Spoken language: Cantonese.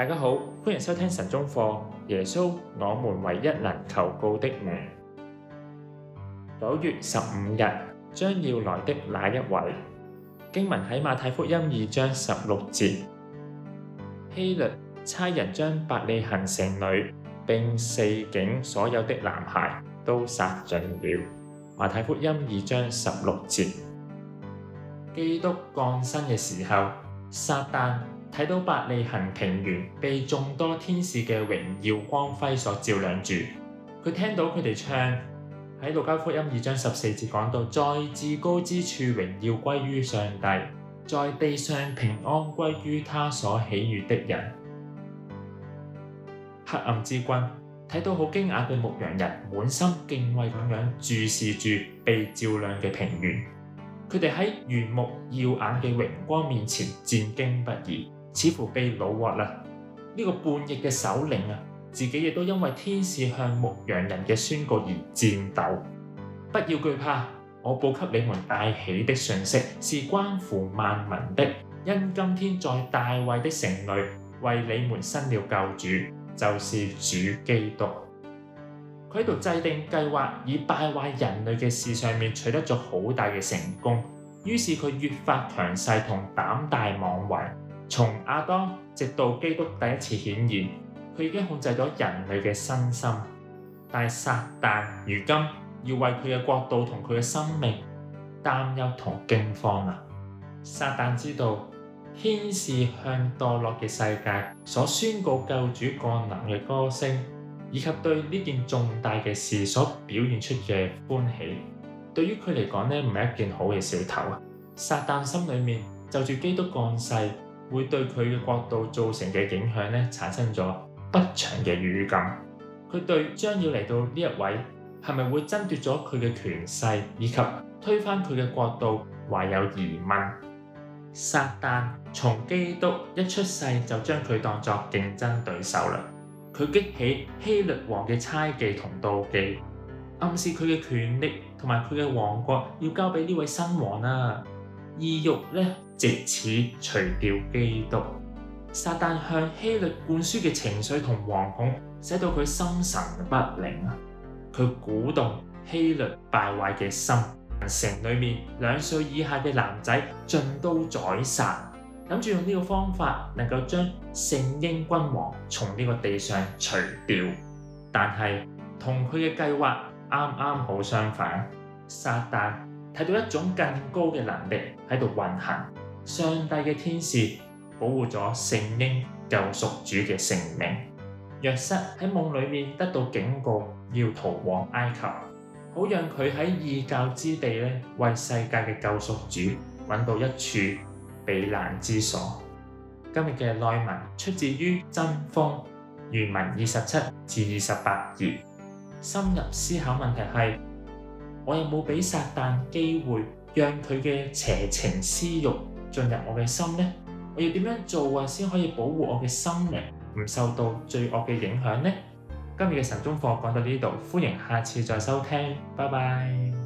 大家好，歡迎收聽晨鐘課。耶穌，我們唯一能求告的名。九月十五日，將要來的那一位。經文喺馬太福音二章十六節，希律差人將伯利恆城裡，並四境所有的男孩都殺盡了。馬太福音二章十六節，基督降生嘅時候，撒旦。睇到伯利恆平原被眾多天使嘅榮耀光輝所照亮住，佢聽到佢哋唱喺路加福音二章十四節講到，在至高之處榮耀歸於上帝，在地上平安歸於他所喜悅的人。黑暗之君睇到好驚訝嘅牧羊人滿心敬畏咁樣注視住被照亮嘅平原，佢哋喺圓木耀眼嘅榮光面前戰兢不已。似乎被虜獲了呢、這個叛逆嘅首領啊，自己亦都因為天使向牧羊人嘅宣告而戰鬥。不要懼怕，我報給你們大喜的信息是關乎萬民的。因今天在大衛的城裏為你們生了救主，就是主基督。佢喺度制定計劃，以敗壞人類嘅事上面取得咗好大嘅成功，於是佢越發強勢同膽大妄為。從亞當直到基督第一次顯現，佢已經控制咗人類嘅身心。但撒旦如今要為佢嘅國度同佢嘅生命擔憂同驚慌啦。撒旦知道天使向墮落嘅世界所宣告救主降臨嘅歌聲，以及對呢件重大嘅事所表現出嘅歡喜，對於佢嚟講呢，唔係一件好嘅兆頭。撒旦心裏面就住基督降世，會對佢嘅國度造成嘅影響咧，產生咗不祥嘅預感。佢對將要嚟到呢一位，係咪會爭奪咗佢嘅權勢以及推翻佢嘅國度，懷有疑問。撒旦從基督一出世就將佢當作競爭對手啦。佢激起希律王嘅猜忌同妒忌，暗示佢嘅權力同埋佢嘅王國要交俾呢位新王啊！意欲呢，藉此除掉基督。撒旦向希律灌輸嘅情緒同惶恐，使到佢心神不寧。佢鼓動希律敗壞嘅心，城裏面兩歲以下嘅男仔盡都宰殺，諗住用呢個方法能夠將聖嬰君王從呢個地上除掉。但係同佢嘅計劃啱啱好相反，撒旦。睇到一種更高嘅能力喺度運行，上帝嘅天使保護咗聖嬰救贖主嘅性命。約瑟喺夢裏面得到警告，要逃往埃及，好讓佢喺異教之地為為世界嘅救贖主揾到一處避難之所。今日嘅內文出自於真經原文二十七至二十八頁。深入思考問題係。我又冇畀撒旦機會，讓佢嘅邪情私欲進入我嘅心呢？我要點樣做才先可以保護我嘅心靈唔受到罪惡嘅影響呢？今日嘅晨鐘課講到呢度，歡迎下次再收聽，拜拜。